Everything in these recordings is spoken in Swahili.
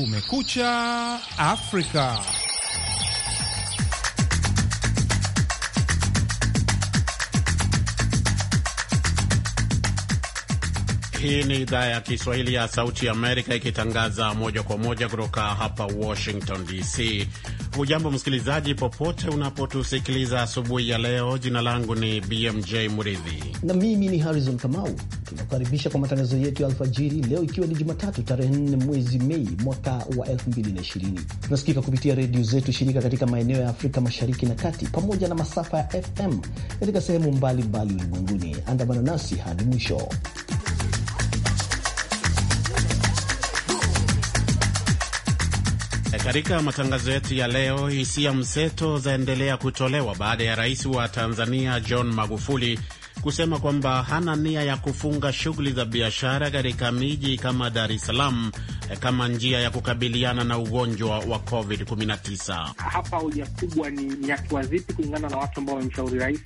Kumekucha Afrika. Hii ni idhaa ya Kiswahili ya Sauti ya Amerika ikitangaza moja kwa moja kutoka hapa Washington DC. Hujambo msikilizaji, popote unapotusikiliza asubuhi ya leo. Jina langu ni BMJ mridhi na mimi ni Harrison Kamau. Tunakukaribisha kwa matangazo yetu ya alfajiri leo, ikiwa ni Jumatatu tarehe 4 mwezi Mei mwaka wa 2020. Tunasikika kupitia redio zetu shirika katika maeneo ya Afrika mashariki na kati pamoja na masafa ya FM katika sehemu mbalimbali ulimwenguni. Andamana nasi hadi mwisho. Katika matangazo yetu ya leo, hisia mseto zaendelea kutolewa baada ya rais wa Tanzania John Magufuli kusema kwamba hana nia ya kufunga shughuli za biashara katika miji kama Dar es Salaam kama njia ya kukabiliana na ugonjwa wa COVID-19. Hapa hoja kubwa ni, ni hatua zipi kulingana na watu ambao wamemshauri rais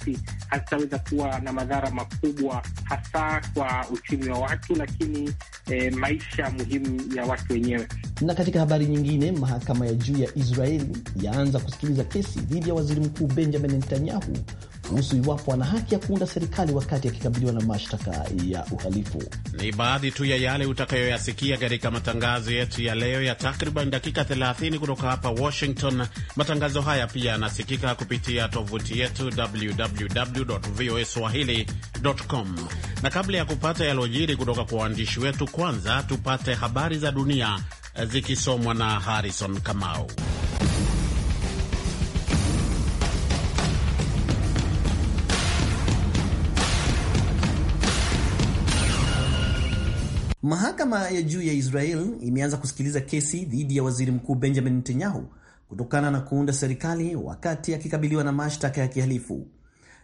hazitaweza kuwa na madhara makubwa hasa kwa uchumi wa watu, lakini e, maisha muhimu ya watu wenyewe. Na katika habari nyingine, mahakama ya juu ya Israeli yaanza kusikiliza kesi dhidi ya waziri mkuu Benjamin Netanyahu kuhusu iwapo ana haki ya kuunda serikali wakati akikabiliwa na mashtaka ya uhalifu. Ni baadhi tu ya yale utakayoyasikia katika matangazo matangazo yetu ya leo ya takriban dakika 30 kutoka hapa Washington. Matangazo haya pia yanasikika kupitia tovuti yetu www voa swahili.com, na kabla ya kupata yaliojiri kutoka kwa waandishi wetu, kwanza tupate habari za dunia eh, zikisomwa na Harrison Kamau. Mahakama ya juu ya Israel imeanza kusikiliza kesi dhidi ya waziri mkuu Benjamin Netanyahu kutokana na kuunda serikali wakati akikabiliwa na mashtaka ya kihalifu.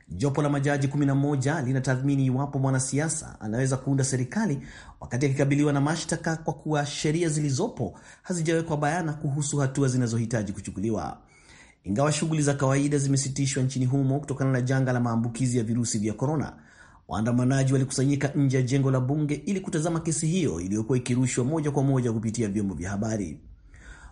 Jopo la majaji 11 linatathmini iwapo mwanasiasa anaweza kuunda serikali wakati akikabiliwa na mashtaka, kwa kuwa sheria zilizopo hazijawekwa bayana kuhusu hatua zinazohitaji kuchukuliwa. Ingawa shughuli za kawaida zimesitishwa nchini humo kutokana na janga la maambukizi ya virusi vya korona, Waandamanaji walikusanyika nje ya jengo la bunge ili kutazama kesi hiyo iliyokuwa ikirushwa moja kwa moja kupitia vyombo vya habari.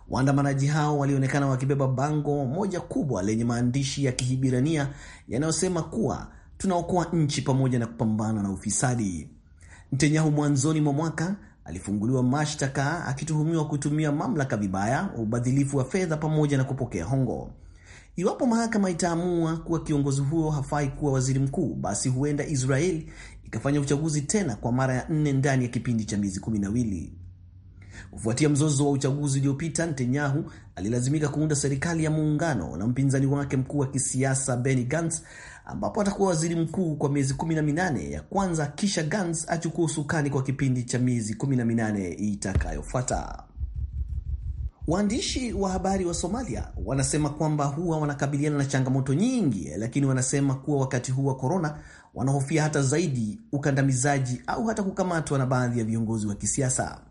Waandamanaji hao walionekana wakibeba bango moja kubwa lenye maandishi ya Kihibirania yanayosema kuwa tunaokoa nchi pamoja na kupambana na ufisadi. Netanyahu mwanzoni mwa mwaka alifunguliwa mashtaka akituhumiwa kutumia mamlaka vibaya, ubadhilifu wa fedha pamoja na kupokea hongo. Iwapo mahakama itaamua kuwa kiongozi huo hafai kuwa waziri mkuu, basi huenda Israel ikafanya uchaguzi tena kwa mara ya nne ndani ya kipindi cha miezi kumi na mbili. Kufuatia mzozo wa uchaguzi uliopita, Netanyahu alilazimika kuunda serikali ya muungano na mpinzani wake mkuu wa kisiasa Benny Gantz, ambapo atakuwa waziri mkuu kwa miezi kumi na minane ya kwanza, kisha Gantz achukua usukani kwa kipindi cha miezi kumi na minane itakayofuata. Waandishi wa habari wa Somalia wanasema kwamba huwa wanakabiliana na changamoto nyingi, lakini wanasema kuwa wakati huu wa korona wanahofia hata zaidi ukandamizaji au hata kukamatwa na baadhi ya viongozi wa kisiasa.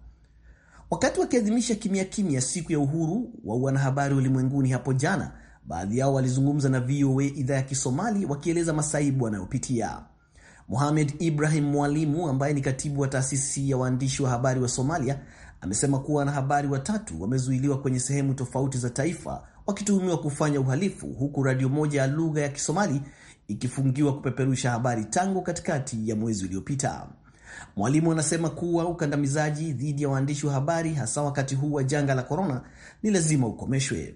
Wakati wakiadhimisha kimya kimya siku ya uhuru wa wanahabari ulimwenguni hapo jana, baadhi yao walizungumza na VOA idhaa ya Kisomali wakieleza masaibu wanayopitia. Mohamed Ibrahim Mwalimu ambaye ni katibu wa taasisi ya waandishi wa habari wa Somalia amesema kuwa wanahabari watatu wamezuiliwa kwenye sehemu tofauti za taifa wakituhumiwa kufanya uhalifu, huku radio moja ya lugha ya Kisomali ikifungiwa kupeperusha habari tangu katikati ya mwezi uliopita. Mwalimu anasema kuwa ukandamizaji dhidi ya waandishi wa habari, hasa wakati huu wa janga la korona, ni lazima ukomeshwe.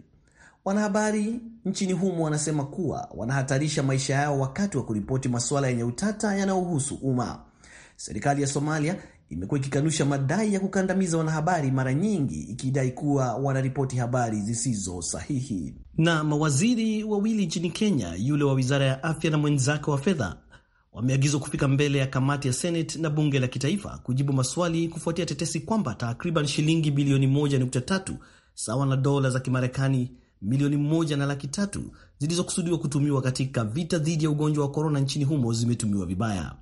Wanahabari nchini humo wanasema kuwa wanahatarisha maisha yao wakati wa kuripoti masuala yenye utata yanayohusu umma. Serikali ya Somalia imekuwa ikikanusha madai ya kukandamiza wanahabari, mara nyingi ikidai kuwa wanaripoti habari zisizo sahihi. Na mawaziri wawili nchini Kenya, yule wa wizara ya afya na mwenzake wa fedha, wameagizwa kufika mbele ya kamati ya Senate na bunge la kitaifa kujibu maswali kufuatia tetesi kwamba takriban shilingi bilioni 1.3 sawa na dola za Kimarekani milioni moja na laki tatu zilizokusudiwa kutumiwa katika vita dhidi ya ugonjwa wa korona nchini humo zimetumiwa vibaya.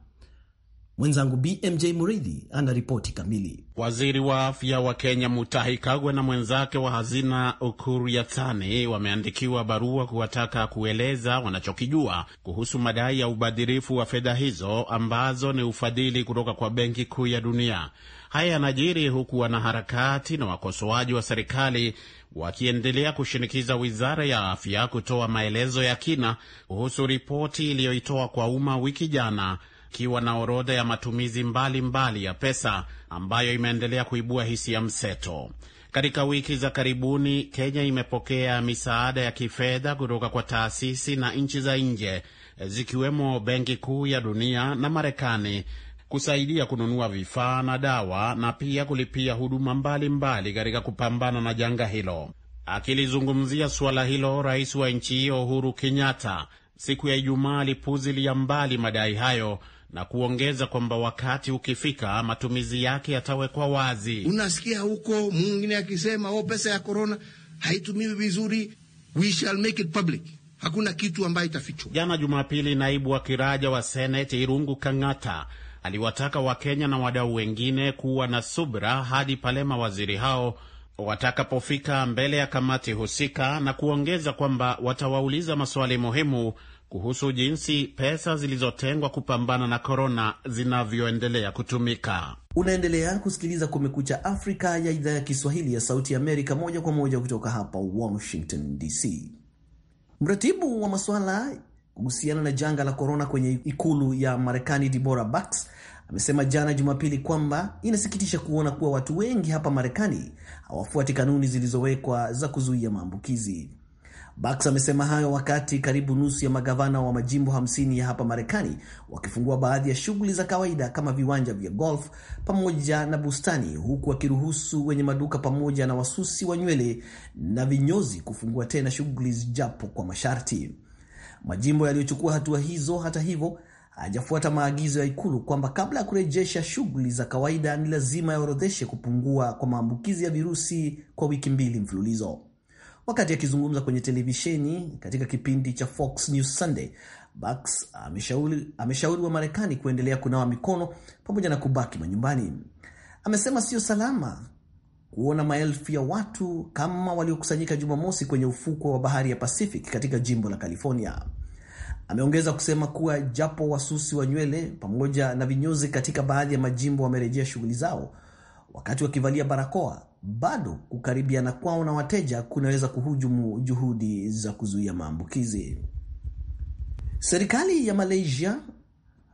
Mwenzangu BMJ Muridhi ana ripoti kamili. Waziri wa afya wa Kenya Mutahi Kagwe na mwenzake wa hazina Ukur Yatani wameandikiwa barua kuwataka kueleza wanachokijua kuhusu madai ya ubadhirifu wa fedha hizo ambazo ni ufadhili kutoka kwa Benki Kuu ya Dunia. Haya yanajiri huku wanaharakati na wakosoaji wa serikali wakiendelea kushinikiza wizara ya afya kutoa maelezo ya kina kuhusu ripoti iliyoitoa kwa umma wiki jana ikiwa na orodha ya matumizi mbalimbali mbali ya pesa ambayo imeendelea kuibua hisia mseto. Katika wiki za karibuni, Kenya imepokea misaada ya kifedha kutoka kwa taasisi na nchi za nje zikiwemo Benki Kuu ya Dunia na Marekani kusaidia kununua vifaa na dawa na pia kulipia huduma mbalimbali katika mbali kupambana na janga hilo. Akilizungumzia suala hilo, rais wa nchi hiyo Uhuru Kenyatta siku ya Ijumaa alipuzilia mbali madai hayo na kuongeza kwamba wakati ukifika matumizi yake yatawekwa wazi. Unasikia huko mwingine akisema o, oh, pesa ya korona haitumiwi vizuri, we shall make it public. Hakuna kitu ambayo itafichwa. Jana Jumapili, naibu wa kiraja wa seneti Irungu Kang'ata aliwataka Wakenya na wadau wengine kuwa na subra hadi pale mawaziri hao watakapofika mbele ya kamati husika na kuongeza kwamba watawauliza maswali muhimu kuhusu jinsi pesa zilizotengwa kupambana na korona zinavyoendelea kutumika. Unaendelea kusikiliza Kumekucha Afrika ya idhaa ya Kiswahili ya Sauti Amerika, moja kwa moja kutoka hapa Washington DC. Mratibu wa masuala kuhusiana na janga la korona kwenye ikulu ya Marekani, Deborah Bax amesema jana Jumapili kwamba inasikitisha kuona kuwa watu wengi hapa Marekani hawafuati kanuni zilizowekwa za kuzuia maambukizi. Bax amesema hayo wakati karibu nusu ya magavana wa majimbo 50 ya hapa Marekani wakifungua baadhi ya shughuli za kawaida kama viwanja vya golf pamoja na bustani, huku wakiruhusu wenye maduka pamoja na wasusi wa nywele na vinyozi kufungua tena shughuli zijapo kwa masharti. Majimbo yaliyochukua hatua hizo, hata hivyo, hajafuata maagizo ya Ikulu kwamba kabla ya kurejesha shughuli za kawaida ni lazima yaorodheshe kupungua kwa maambukizi ya virusi kwa wiki mbili mfululizo. Wakati akizungumza kwenye televisheni katika kipindi cha Fox News Sunday, Bax ameshauri ameshauri wa Marekani kuendelea kunawa mikono pamoja na kubaki manyumbani. Amesema sio salama kuona maelfu ya watu kama waliokusanyika Jumamosi kwenye ufukwe wa bahari ya Pacific katika jimbo la California. Ameongeza kusema kuwa japo wasusi wa nywele pamoja na vinyozi katika baadhi ya majimbo wamerejea shughuli zao wakati wakivalia barakoa, bado kukaribiana kwao na wateja kunaweza kuhujumu juhudi za kuzuia maambukizi. Serikali ya Malaysia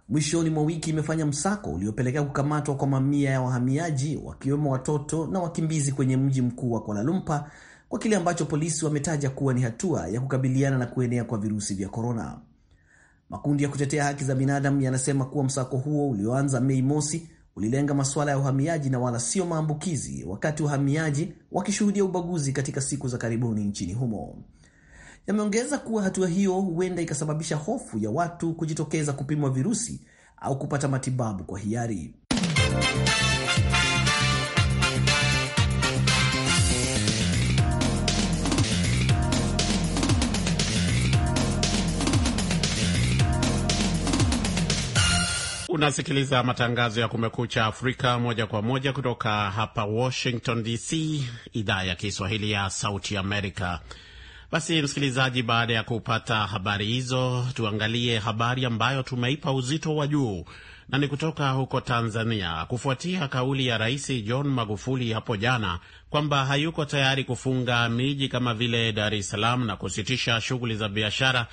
mwishoni mwa wiki imefanya msako uliopelekea kukamatwa kwa mamia ya wahamiaji wakiwemo watoto na wakimbizi kwenye mji mkuu wa Kuala Lumpur kwa kile ambacho polisi wametaja kuwa ni hatua ya kukabiliana na kuenea kwa virusi vya korona. Makundi ya kutetea haki za binadamu yanasema kuwa msako huo ulioanza Mei mosi ulilenga masuala ya uhamiaji na wala sio maambukizi, wakati wahamiaji wakishuhudia ubaguzi katika siku za karibuni nchini humo. Yameongeza kuwa hatua hiyo huenda ikasababisha hofu ya watu kujitokeza kupimwa virusi au kupata matibabu kwa hiari. Unasikiliza matangazo ya Kumekucha Afrika moja kwa moja kutoka hapa Washington DC, idhaa ya Kiswahili ya Sauti Amerika. Basi msikilizaji, baada ya kupata habari hizo, tuangalie habari ambayo tumeipa uzito wa juu na ni kutoka huko Tanzania, kufuatia kauli ya Rais John Magufuli hapo jana kwamba hayuko tayari kufunga miji kama vile Dar es Salaam na kusitisha shughuli za biashara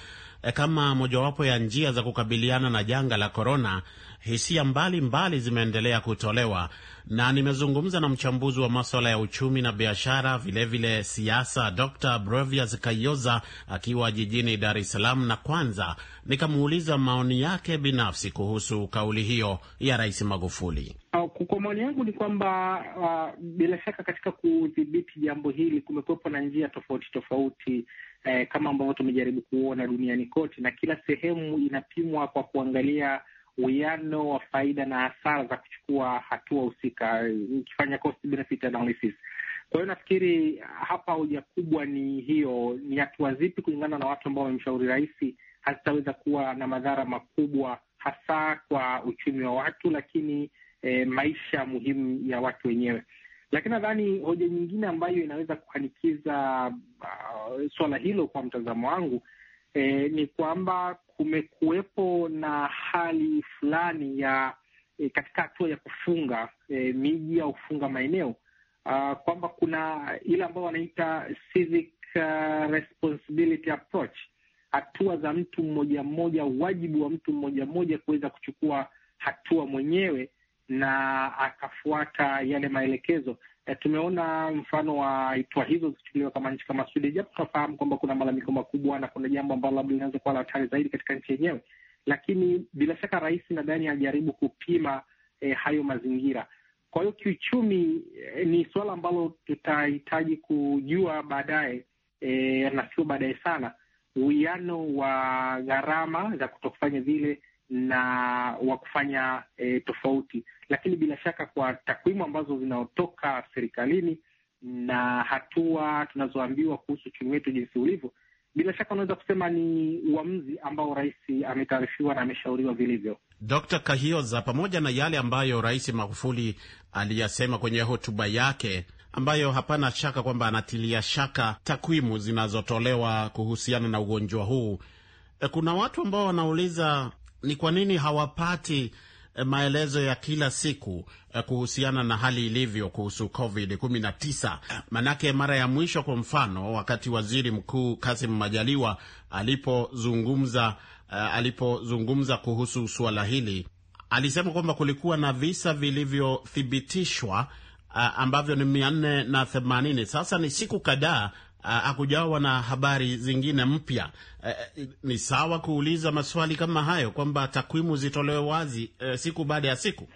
Eh, kama mojawapo ya njia za kukabiliana na janga la korona, hisia mbalimbali zimeendelea kutolewa, na nimezungumza na mchambuzi wa maswala ya uchumi na biashara, vilevile siasa, Dr Brevias Kayoza akiwa jijini Dar es Salaam, na kwanza nikamuuliza maoni yake binafsi kuhusu kauli hiyo ya Rais Magufuli. Uh, kwa maoni yangu ni kwamba uh, bila shaka katika kudhibiti jambo hili kumekuwepo na njia tofauti tofauti eh, kama ambavyo tumejaribu kuona duniani kote, na kila sehemu inapimwa kwa kuangalia uwiano wa faida na hasara za kuchukua hatua husika, eh, ikifanya cost benefit analysis. Kwa hiyo nafikiri hapa hoja kubwa ni hiyo, ni hatua zipi kulingana na watu ambao wamemshauri rais hazitaweza kuwa na madhara makubwa hasa kwa uchumi wa watu, lakini eh, maisha muhimu ya watu wenyewe. Lakini nadhani hoja nyingine ambayo inaweza kuhanikiza uh, suala hilo kwa mtazamo wangu eh, ni kwamba kumekuwepo na hali fulani ya eh, katika hatua ya kufunga eh, miji au kufunga maeneo uh, kwamba kuna ile ambayo wanaita civic uh, responsibility approach, hatua za mtu mmoja mmoja, wajibu wa mtu mmoja mmoja kuweza kuchukua hatua mwenyewe na akafuata yale maelekezo. E, tumeona mfano wa hatua hizo zichukuliwa kama nchi kama Sweden, japo tunafahamu kwamba kuna malalamiko makubwa na kuna jambo ambalo labda linaweza kuwa la hatari zaidi katika nchi yenyewe, lakini bila shaka rais nadhani ajaribu kupima e, hayo mazingira. Kwa hiyo kiuchumi e, ni suala ambalo tutahitaji kujua baadaye e, na sio baadaye sana, uwiano wa gharama za kutokufanya vile na wa kufanya e, tofauti, lakini bila shaka kwa takwimu ambazo zinaotoka serikalini na hatua tunazoambiwa kuhusu uchumi wetu jinsi ulivyo, bila shaka unaweza kusema ni uamuzi ambao rais ametaarifiwa na ameshauriwa vilivyo. Dr. Kahioza, pamoja na yale ambayo Rais Magufuli aliyasema kwenye hotuba yake ambayo hapana shaka kwamba anatilia shaka takwimu zinazotolewa kuhusiana na ugonjwa huu, e, kuna watu ambao wanauliza ni kwa nini hawapati eh, maelezo ya kila siku eh, kuhusiana na hali ilivyo kuhusu Covid 19. Manake mara ya mwisho, kwa mfano, wakati waziri mkuu Kasim Majaliwa alipozungumza eh, alipozungumza kuhusu suala hili alisema kwamba kulikuwa na visa vilivyothibitishwa ambavyo ni mia nne na themanini. Sasa ni siku kadhaa Eh, hakujawa na habari zingine mpya. Uh, ni sawa kuuliza maswali kama hayo kwamba takwimu zitolewe wazi uh, siku baada ya siku.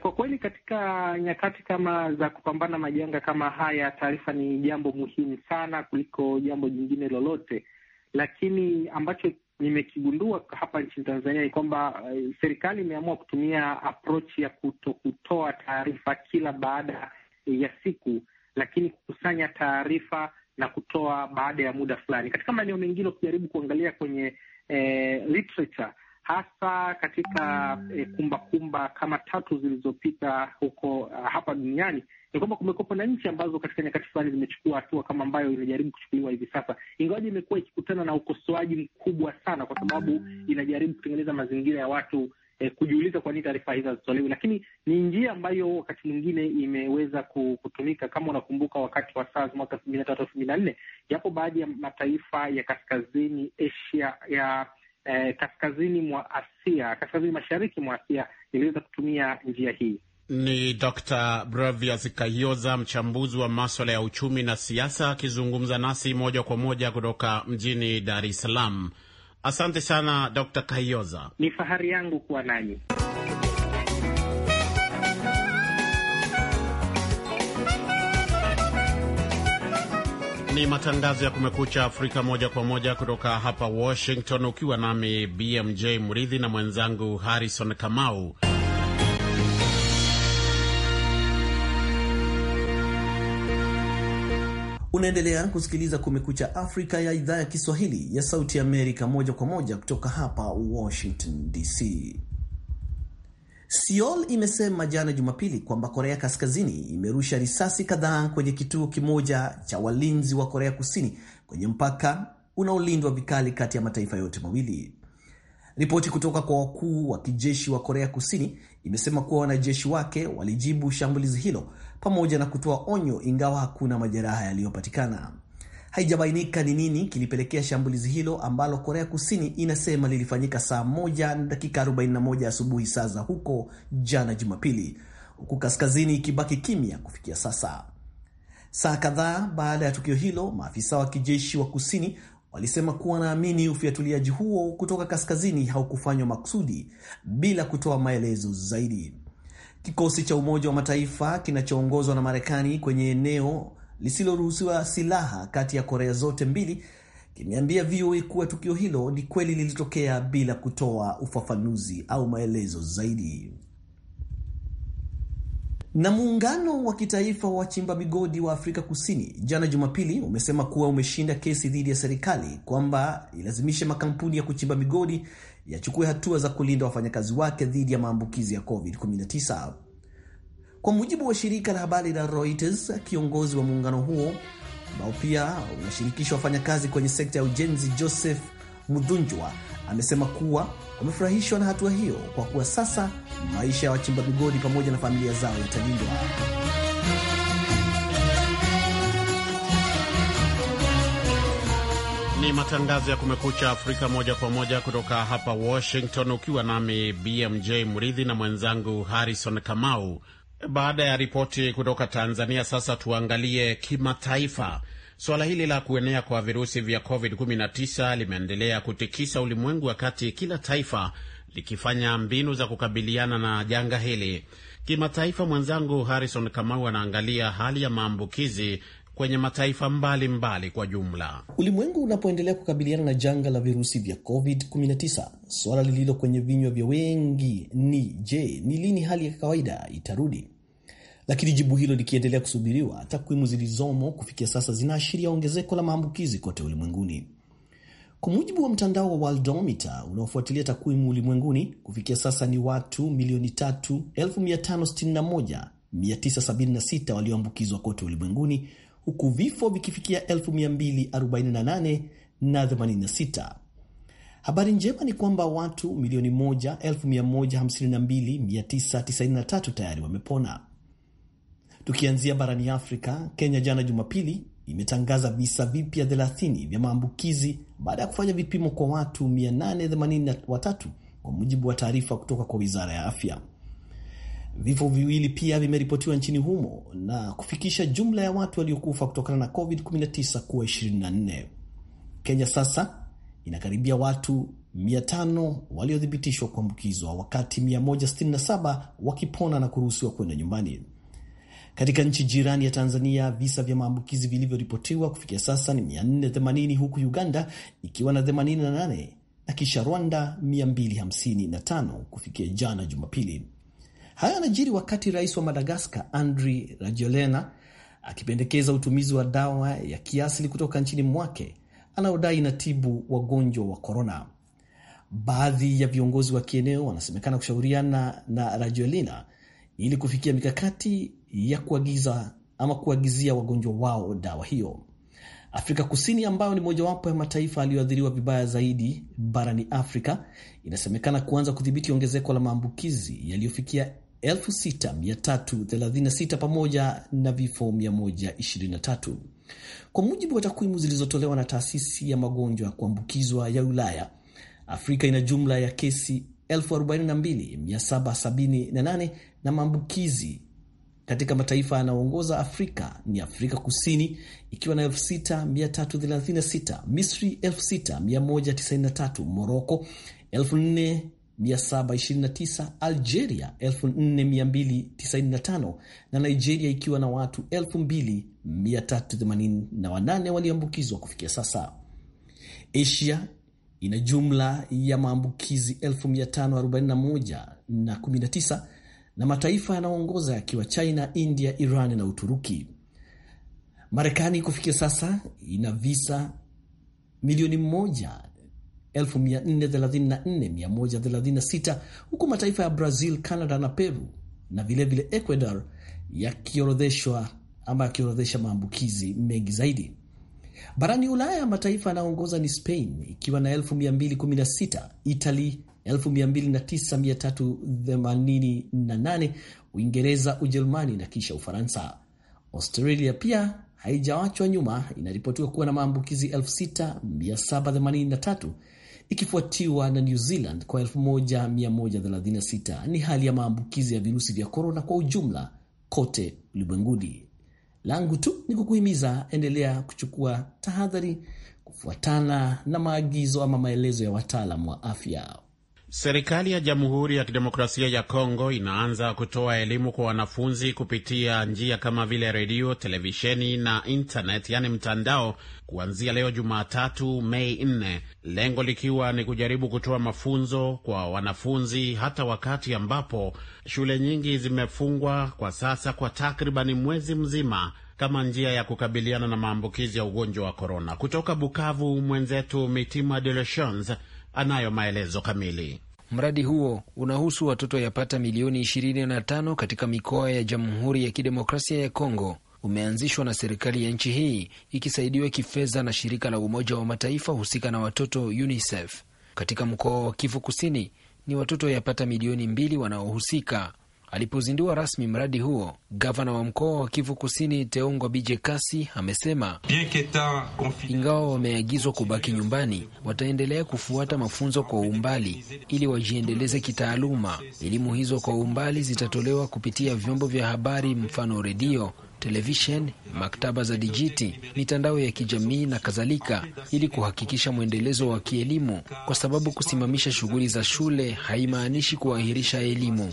Kwa kweli katika nyakati kama za kupambana majanga kama haya, taarifa ni jambo muhimu sana kuliko jambo jingine lolote, lakini ambacho nimekigundua hapa nchini Tanzania ni kwamba uh, serikali imeamua kutumia approach ya kuto, kutoa taarifa kila baada ya siku, lakini kukusanya taarifa na kutoa baada ya muda fulani. Katika maeneo mengine, ukijaribu kuangalia kwenye eh, literature hasa katika eh, kumbakumba kama tatu zilizopita huko uh, hapa duniani ni kwamba kumekuwepo na nchi ambazo katika nyakati fulani zimechukua hatua kama ambayo inajaribu kuchukuliwa hivi sasa, ingawaji imekuwa ikikutana na ukosoaji mkubwa sana, kwa sababu inajaribu kutengeneza mazingira ya watu eh, kujiuliza kwa nini taarifa hizo hazitolewi, lakini ni njia ambayo wakati mwingine imeweza kutumika. Kama unakumbuka wakati wa SARS mwaka elfu mbili na tatu elfu mbili na nne yapo baadhi ya mataifa ya kaskazini Asia ya eh, kaskazini mwa Asia, kaskazini mashariki mwa Asia iliweza kutumia njia hii. Ni Dr. Bravias Kayoza, mchambuzi wa maswala ya uchumi na siasa, akizungumza nasi moja kwa moja kutoka mjini Dar es Salaam. Asante sana Dr. Kayoza, ni fahari yangu kuwa nanyi. Ni matangazo ya Kumekucha Afrika moja kwa moja kutoka hapa Washington, ukiwa nami BMJ Mridhi na mwenzangu Harrison Kamau. Unaendelea kusikiliza Kumekucha Afrika ya idhaa ya Kiswahili ya Sauti Amerika, moja kwa moja kutoka hapa Washington DC. Seoul imesema jana Jumapili kwamba Korea Kaskazini imerusha risasi kadhaa kwenye kituo kimoja cha walinzi wa Korea Kusini kwenye mpaka unaolindwa vikali kati ya mataifa yote mawili. Ripoti kutoka kwa wakuu wa kijeshi wa Korea Kusini imesema kuwa wanajeshi wake walijibu shambulizi hilo pamoja na kutoa onyo, ingawa hakuna majeraha yaliyopatikana. Haijabainika ni nini kilipelekea shambulizi hilo ambalo Korea Kusini inasema lilifanyika saa moja na dakika 41 asubuhi saa za huko jana Jumapili, huku kaskazini ikibaki kimya kufikia sasa. Saa kadhaa baada ya tukio hilo, maafisa wa kijeshi wa kusini walisema kuwa wanaamini ufiatuliaji huo kutoka kaskazini haukufanywa makusudi bila kutoa maelezo zaidi. Kikosi cha Umoja wa Mataifa kinachoongozwa na Marekani kwenye eneo lisiloruhusiwa silaha kati ya Korea zote mbili kimeambia VOA kuwa tukio hilo ni kweli lilitokea bila kutoa ufafanuzi au maelezo zaidi. Na muungano wa kitaifa wa wachimba migodi wa Afrika Kusini jana Jumapili umesema kuwa umeshinda kesi dhidi ya serikali kwamba ilazimishe makampuni ya kuchimba migodi yachukue hatua za kulinda wafanyakazi wake dhidi ya maambukizi ya COVID-19. Kwa mujibu wa shirika la habari la Reuters, kiongozi wa muungano huo ambao pia unashirikisha wafanyakazi kwenye sekta ya ujenzi, Joseph Mudhunjwa, amesema kuwa wamefurahishwa na hatua hiyo kwa kuwa sasa maisha ya wachimba migodi pamoja na familia zao yatalindwa. matangazo ya Kumekucha Afrika moja kwa moja kutoka hapa Washington, ukiwa nami BMJ Mridhi na mwenzangu Harrison Kamau. Baada ya ripoti kutoka Tanzania, sasa tuangalie kimataifa. Suala hili la kuenea kwa virusi vya COVID-19 limeendelea kutikisa ulimwengu, wakati kila taifa likifanya mbinu za kukabiliana na janga hili. Kimataifa, mwenzangu Harrison Kamau anaangalia hali ya maambukizi kwenye mataifa mbalimbali mbali kwa jumla. Ulimwengu unapoendelea kukabiliana na janga la virusi vya COVID-19, suala lililo kwenye vinywa vya wengi ni je, ni lini hali ya kawaida itarudi? Lakini jibu hilo likiendelea kusubiriwa, takwimu zilizomo kufikia sasa zinaashiria ongezeko la maambukizi kote ulimwenguni. Kwa mujibu wa mtandao wa Worldometer unaofuatilia takwimu ulimwenguni, kufikia sasa ni watu milioni 3,561,976 walioambukizwa kote ulimwenguni huku vifo vikifikia 248,086 na 86. Habari njema ni kwamba watu milioni 1,152,993 tayari wamepona. Tukianzia barani Afrika, Kenya jana Jumapili imetangaza visa vipya 30 vya maambukizi baada ya kufanya vipimo kwa watu 883 kwa mujibu wa taarifa kutoka kwa wizara ya afya. Vifo viwili pia vimeripotiwa nchini humo na kufikisha jumla ya watu waliokufa kutokana na COVID-19 kuwa 24. Kenya sasa inakaribia watu 500 waliothibitishwa kuambukizwa, wakati 167 wakipona na kuruhusiwa kwenda nyumbani. Katika nchi jirani ya Tanzania, visa vya maambukizi vilivyoripotiwa kufikia sasa ni 480 huku Uganda ikiwa na 88 na kisha Rwanda 255 kufikia jana Jumapili. Hayo yanajiri wakati rais wa Madagaskar Andry Rajoelina akipendekeza utumizi wa dawa ya kiasili kutoka nchini mwake anaodai inatibu wagonjwa wa korona. Baadhi ya viongozi wa kieneo wanasemekana kushauriana na Rajoelina ili kufikia mikakati ya kuagiza ama kuagizia wagonjwa wao dawa hiyo. Afrika Kusini, ambayo ni mojawapo ya mataifa yaliyoathiriwa vibaya zaidi barani Afrika, inasemekana kuanza kudhibiti ongezeko la maambukizi yaliyofikia 6336 pamoja na vifo 123 kwa mujibu wa takwimu zilizotolewa na taasisi ya magonjwa ya kuambukizwa ya Ulaya. Afrika ina jumla ya kesi 42778 na maambukizi katika mataifa yanayoongoza Afrika ni Afrika Kusini ikiwa na 6336, Misri 6193, Moroko 729, Algeria 4295 na Nigeria ikiwa na watu 2388 walioambukizwa kufikia sasa. Asia ina jumla ya maambukizi 1541 na 19 na mataifa yanayoongoza yakiwa China, India, Iran na Uturuki. Marekani kufikia sasa ina visa milioni moja 1434,136 huku mataifa ya Brazil, Canada na Peru na vilevile vile Ecuador yakiorodheshwa ama yakiorodhesha maambukizi mengi zaidi. Barani Ulaya, mataifa yanayoongoza ni Spain ikiwa na 216 Italy 29388, Uingereza, Ujerumani na kisha Ufaransa. Australia pia haijawachwa nyuma, inaripotiwa kuwa na maambukizi 6783 ikifuatiwa na New Zealand kwa 1136. Ni hali ya maambukizi ya virusi vya korona kwa ujumla kote ulimwenguni. Langu tu ni kukuhimiza, endelea kuchukua tahadhari, kufuatana na maagizo ama maelezo ya wataalam wa afya. Serikali ya Jamhuri ya Kidemokrasia ya Kongo inaanza kutoa elimu kwa wanafunzi kupitia njia kama vile redio, televisheni na intanet, yani mtandao, kuanzia leo Jumatatu Mei 4, lengo likiwa ni kujaribu kutoa mafunzo kwa wanafunzi hata wakati ambapo shule nyingi zimefungwa kwa sasa kwa takribani mwezi mzima kama njia ya kukabiliana na maambukizi ya ugonjwa wa korona. Kutoka Bukavu, mwenzetu Mitima De Lechans anayo maelezo kamili. Mradi huo unahusu watoto yapata milioni 25 katika mikoa ya Jamhuri ya Kidemokrasia ya Kongo. Umeanzishwa na serikali ya nchi hii ikisaidiwa kifedha na shirika la Umoja wa Mataifa husika na watoto UNICEF. Katika mkoa wa Kivu Kusini ni watoto yapata milioni mbili wanaohusika Alipozindua rasmi mradi huo, gavana wa mkoa wa Kivu Kusini Teongwa Bije Kasi amesema ingawa wameagizwa kubaki nyumbani, wataendelea kufuata mafunzo kwa umbali ili wajiendeleze kitaaluma. Elimu hizo kwa umbali zitatolewa kupitia vyombo vya habari, mfano redio televishen, maktaba za dijiti, mitandao ya kijamii na kadhalika, ili kuhakikisha mwendelezo wa kielimu, kwa sababu kusimamisha shughuli za shule haimaanishi kuahirisha elimu.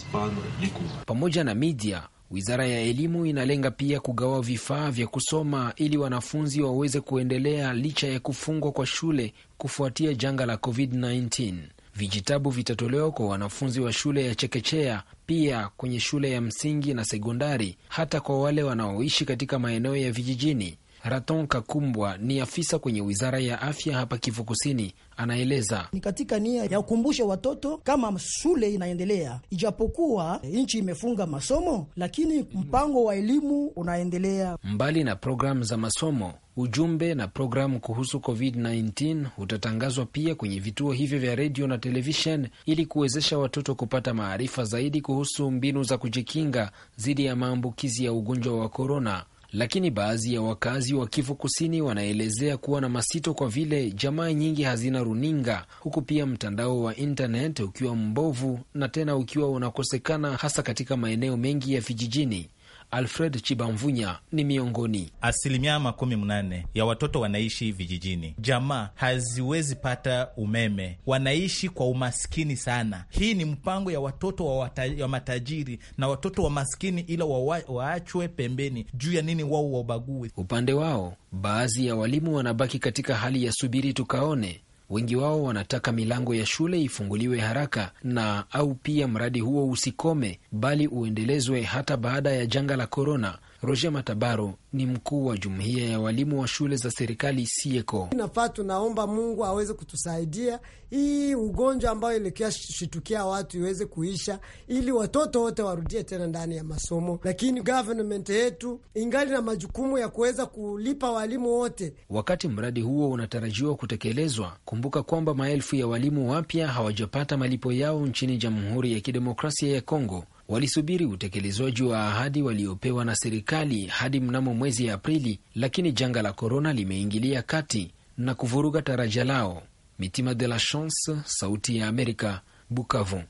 Pamoja na midia Wizara ya Elimu inalenga pia kugawa vifaa vya kusoma ili wanafunzi waweze kuendelea licha ya kufungwa kwa shule kufuatia janga la COVID-19. Vijitabu vitatolewa kwa wanafunzi wa shule ya chekechea, pia kwenye shule ya msingi na sekondari, hata kwa wale wanaoishi katika maeneo ya vijijini. Raton Kakumbwa ni afisa kwenye wizara ya afya hapa Kivu Kusini, anaeleza ni katika nia ya kukumbusha watoto kama shule inaendelea, ijapokuwa eh, nchi imefunga masomo, lakini mpango wa elimu unaendelea. Mbali na programu za masomo, Ujumbe na programu kuhusu COVID-19 utatangazwa pia kwenye vituo hivyo vya redio na televishen ili kuwezesha watoto kupata maarifa zaidi kuhusu mbinu za kujikinga dhidi ya maambukizi ya ugonjwa wa korona. Lakini baadhi ya wakazi wa Kivu Kusini wanaelezea kuwa na masito kwa vile jamaa nyingi hazina runinga, huku pia mtandao wa intanet ukiwa mbovu na tena ukiwa unakosekana hasa katika maeneo mengi ya vijijini. Alfred Chibamvunya ni miongoni. Asilimia makumi mnane ya watoto wanaishi vijijini, jamaa haziwezi pata umeme, wanaishi kwa umaskini sana. Hii ni mpango ya watoto wa, wata, wa matajiri na watoto wa maskini, ila wa, waachwe pembeni. Juu ya nini wao wabague? Upande wao, baadhi ya walimu wanabaki katika hali ya subiri tukaone Wengi wao wanataka milango ya shule ifunguliwe haraka na au pia mradi huo usikome, bali uendelezwe hata baada ya janga la korona. Roger Matabaro ni mkuu wa jumuiya ya walimu wa shule za serikali Sieko. Nafaa tunaomba Mungu aweze kutusaidia hii ugonjwa ambayo ilikia shitukia watu iweze kuisha, ili watoto wote warudie tena ndani ya masomo, lakini government yetu ingali na majukumu ya kuweza kulipa walimu wote. Wakati mradi huo unatarajiwa kutekelezwa, kumbuka kwamba maelfu ya walimu wapya hawajapata malipo yao nchini Jamhuri ya Kidemokrasia ya Kongo Walisubiri utekelezwaji wa ahadi waliopewa na serikali hadi mnamo mwezi Aprili, lakini janga la korona limeingilia kati na kuvuruga taraja lao. Mitima de la Chance, Sauti ya Amerika, Bukavu.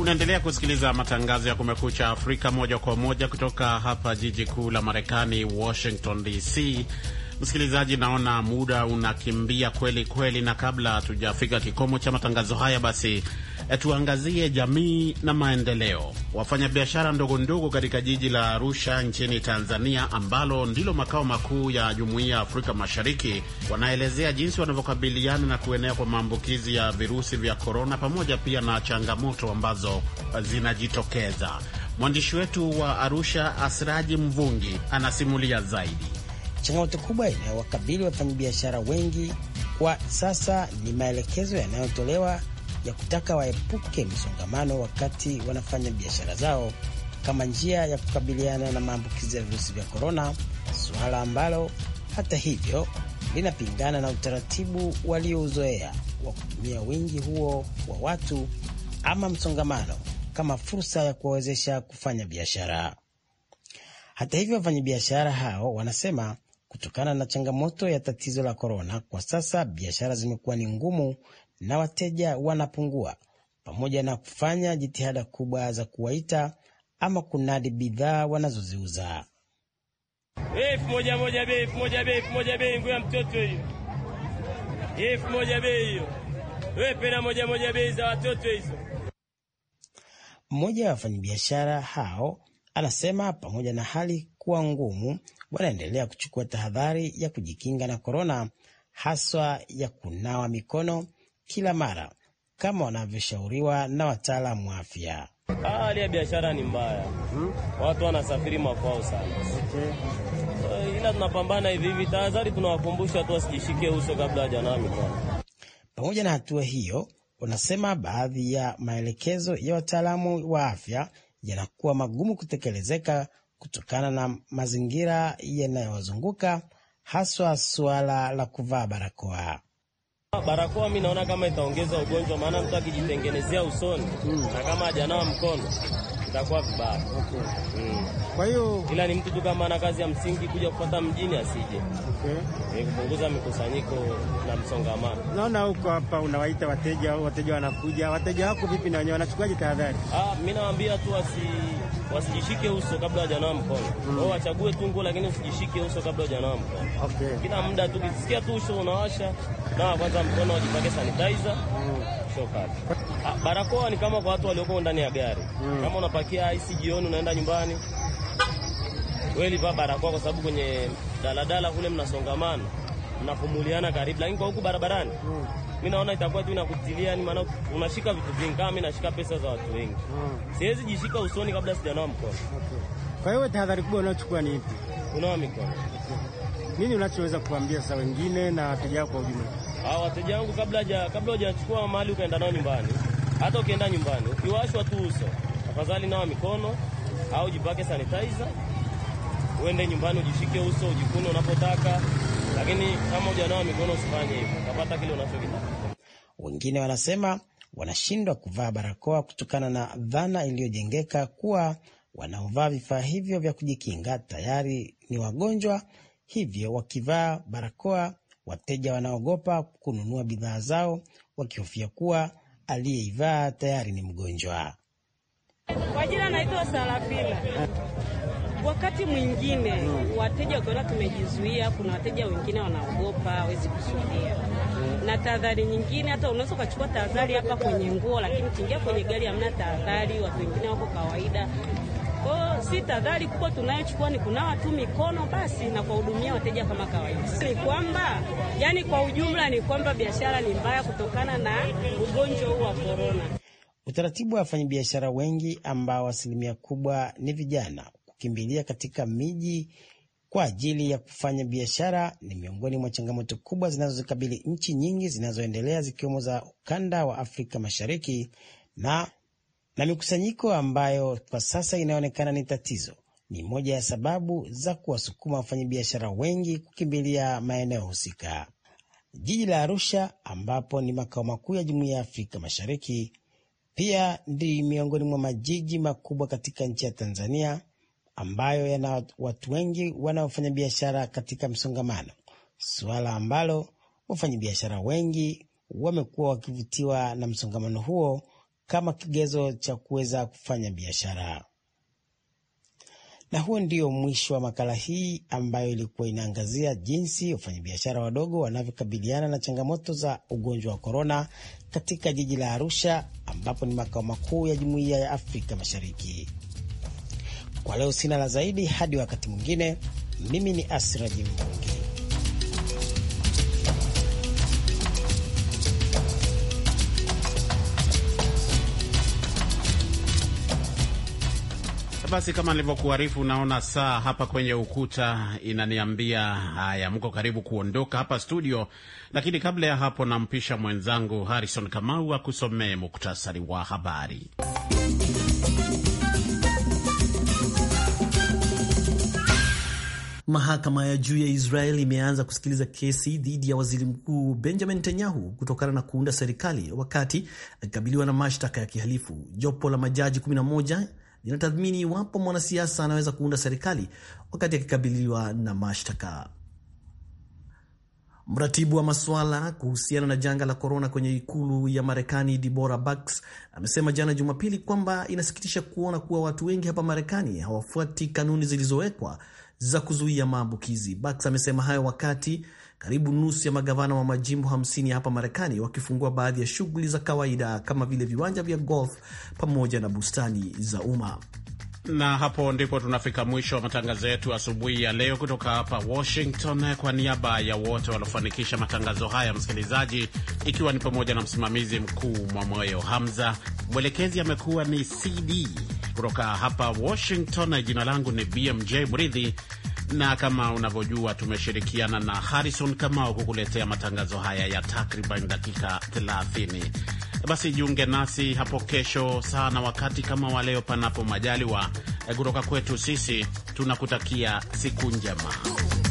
Unaendelea kusikiliza matangazo ya Kumekucha Afrika moja kwa moja kutoka hapa jiji kuu la Marekani, Washington DC. Msikilizaji, naona muda unakimbia kweli kweli, na kabla hatujafika kikomo cha matangazo haya, basi eh, tuangazie jamii na maendeleo. Wafanyabiashara ndogo ndogo katika jiji la Arusha nchini Tanzania, ambalo ndilo makao makuu ya Jumuiya ya Afrika Mashariki, wanaelezea jinsi wanavyokabiliana na kuenea kwa maambukizi ya virusi vya korona, pamoja pia na changamoto ambazo zinajitokeza. Mwandishi wetu wa Arusha, Asraji Mvungi, anasimulia zaidi. Changamoto kubwa inayowakabili wafanyabiashara wengi kwa sasa ni maelekezo yanayotolewa ya kutaka waepuke msongamano wakati wanafanya biashara zao kama njia ya kukabiliana na maambukizi ya virusi vya korona, suala ambalo hata hivyo linapingana na utaratibu waliouzoea wa kutumia wingi huo wa watu ama msongamano kama fursa ya kuwawezesha kufanya biashara. Hata hivyo, wafanyabiashara hao wanasema Kutokana na changamoto ya tatizo la korona, kwa sasa biashara zimekuwa ni ngumu na wateja wanapungua, pamoja na kufanya jitihada kubwa za kuwaita ama kunadi bidhaa wanazoziuza. elfu moja moja bei, elfu moja bei, elfu moja bei, nguo ya mtoto hiyo elfu moja bei hiyo, we pena moja moja bei za watoto hizo. Mmoja wa wafanyabiashara hao anasema pamoja na hali kuwa ngumu, wanaendelea kuchukua tahadhari ya kujikinga na korona, haswa ya kunawa mikono kila mara kama wanavyoshauriwa na wataalamu wa afya. Ah, hali ya biashara ni mbaya hmm? Watu wanasafiri makwao sana okay. Eh, ila tunapambana hivi hivi, tahadhari tunawakumbusha tu wasijishike uso kabla hajanawa mikono. Pamoja na hatua hiyo, wanasema baadhi ya maelekezo ya wataalamu wa afya yanakuwa magumu kutekelezeka kutokana na mazingira yanayowazunguka haswa suala la kuvaa barakoa. Barakoa mi naona kama itaongeza ugonjwa, maana mtu akijitengenezea usoni mm. na kama hajanawa mkono itakuwa vibaya okay. mm. kwa hiyo ila ni mtu tu kama ana kazi ya msingi kuja kufata mjini asije, okay. ni eh, kupunguza mikusanyiko na msongamano. Naona huko hapa unawaita wateja au wateja wanakuja, wateja wako vipi na wenyewe wanachukuaje tahadhari? Ah, mi nawaambia tu wasi wasijishike uso kabla hajanawa mkono. Mm. Wao wachague tu nguo, lakini usijishike uso kabla hajanawa mkono. Okay. Kila muda tu ukisikia tu uso unawasha, nawa kwanza mkono, wajipake sanitizer. Mm. Ah, barakoa ni kama kwa watu walioko ndani ya gari. Mm. Kama unapakia ice jioni unaenda nyumbani, weli livaa barakoa kwa sababu kwenye daladala kule mnasongamana mnafumuliana karibu, lakini kwa huku barabarani mm. mi naona itakuwa tu inakutilia ni, maana unashika vitu vingi. Kama mi nashika pesa za watu wengi mm. siwezi jishika usoni kabla sijanawa mkono okay. Kwa hiyo tahadhari kubwa unachukua ni ipi? Unawa mikono okay. Nini unachoweza kuambia sasa wengine na wateja wako kwa ujumla? Ah, wateja wangu, kabla kabla hujachukua mali ukaenda nao nyumbani, hata ukienda nyumbani ukiwashwa tu uso, tafadhali nawa mikono au jipake sanitizer, uende nyumbani ujishike uso, ujikune unapotaka lakini kama hujanawa mikono usifanye hivyo, utapata kile unachokitaka. Wengine wanasema wanashindwa kuvaa barakoa kutokana na dhana iliyojengeka kuwa wanaovaa vifaa hivyo vya kujikinga tayari ni wagonjwa, hivyo wakivaa barakoa wateja wanaogopa kununua bidhaa zao wakihofia kuwa aliyeivaa tayari ni mgonjwa. Kwa jina naitwa Wakati mwingine wateja wakiona tumejizuia, kuna wateja wengine wanaogopa, hawezi kusudia mm. na tahadhari nyingine, hata unaweza ukachukua tahadhari hapa kwenye nguo, lakini ukiingia kwenye gari hamna tahadhari, watu wengine wako kawaida. Kwa hiyo si tahadhari kubwa tunayochukua ni kunawa tu mikono basi na kuwahudumia wateja kama kawaida. Ni kwamba yani, kwa ujumla ni kwamba biashara ni mbaya kutokana na ugonjwa huu wa korona. Utaratibu wa wafanyabiashara wengi ambao asilimia kubwa ni vijana kukimbilia katika miji kwa ajili ya kufanya biashara ni miongoni mwa changamoto kubwa zinazozikabili nchi nyingi zinazoendelea zikiwemo za ukanda wa Afrika Mashariki na, na mikusanyiko ambayo kwa sasa inaonekana ni tatizo ni moja ya sababu za kuwasukuma wafanyabiashara wengi kukimbilia maeneo husika. Jiji la Arusha ambapo ni makao makuu ya Jumuiya ya Afrika Mashariki pia ndi miongoni mwa majiji makubwa katika nchi ya Tanzania ambayo yana watu wengi wanaofanya biashara katika msongamano, suala ambalo wafanyabiashara wengi wamekuwa wakivutiwa na msongamano huo kama kigezo cha kuweza kufanya biashara. Na huo ndio mwisho wa makala hii ambayo ilikuwa inaangazia jinsi wafanyabiashara wadogo wanavyokabiliana na changamoto za ugonjwa wa korona katika jiji la Arusha, ambapo ni makao makuu ya Jumuiya ya Afrika Mashariki. Kwa leo sina la zaidi, hadi wakati mwingine. Mimi ni Asiraji Jimbungi. Basi kama nilivyokuarifu, naona saa hapa kwenye ukuta inaniambia haya, mko karibu kuondoka hapa studio, lakini kabla ya hapo nampisha mwenzangu Harrison Kamau akusomee muktasari wa habari. Mahakama ya juu ya Israel imeanza kusikiliza kesi dhidi ya waziri mkuu Benjamin Netanyahu kutokana na kuunda serikali wakati akikabiliwa na mashtaka ya kihalifu. Jopo la majaji 11 linatathmini iwapo mwanasiasa anaweza kuunda serikali wakati akikabiliwa na mashtaka. Mratibu wa masuala kuhusiana na janga la korona kwenye ikulu ya Marekani, Debora Bax amesema jana Jumapili kwamba inasikitisha kuona kuwa watu wengi hapa Marekani hawafuati kanuni zilizowekwa za kuzuia maambukizi. Bax amesema hayo wakati karibu nusu ya magavana wa majimbo 50 hapa Marekani wakifungua baadhi ya shughuli za kawaida kama vile viwanja vya golf pamoja na bustani za umma. Na hapo ndipo tunafika mwisho wa matangazo yetu asubuhi ya leo kutoka hapa Washington. Kwa niaba ya wote waliofanikisha matangazo haya, msikilizaji, ikiwa ni pamoja na msimamizi mkuu Mwamoyo Hamza, mwelekezi amekuwa ni CD kutoka hapa Washington, jina langu ni BMJ Mridhi na kama unavyojua tumeshirikiana na Harrison Kamau kukuletea matangazo haya ya takriban dakika 30. Basi jiunge nasi hapo kesho sana wakati kama wa leo, panapo majaliwa. Kutoka kwetu sisi tunakutakia siku njema.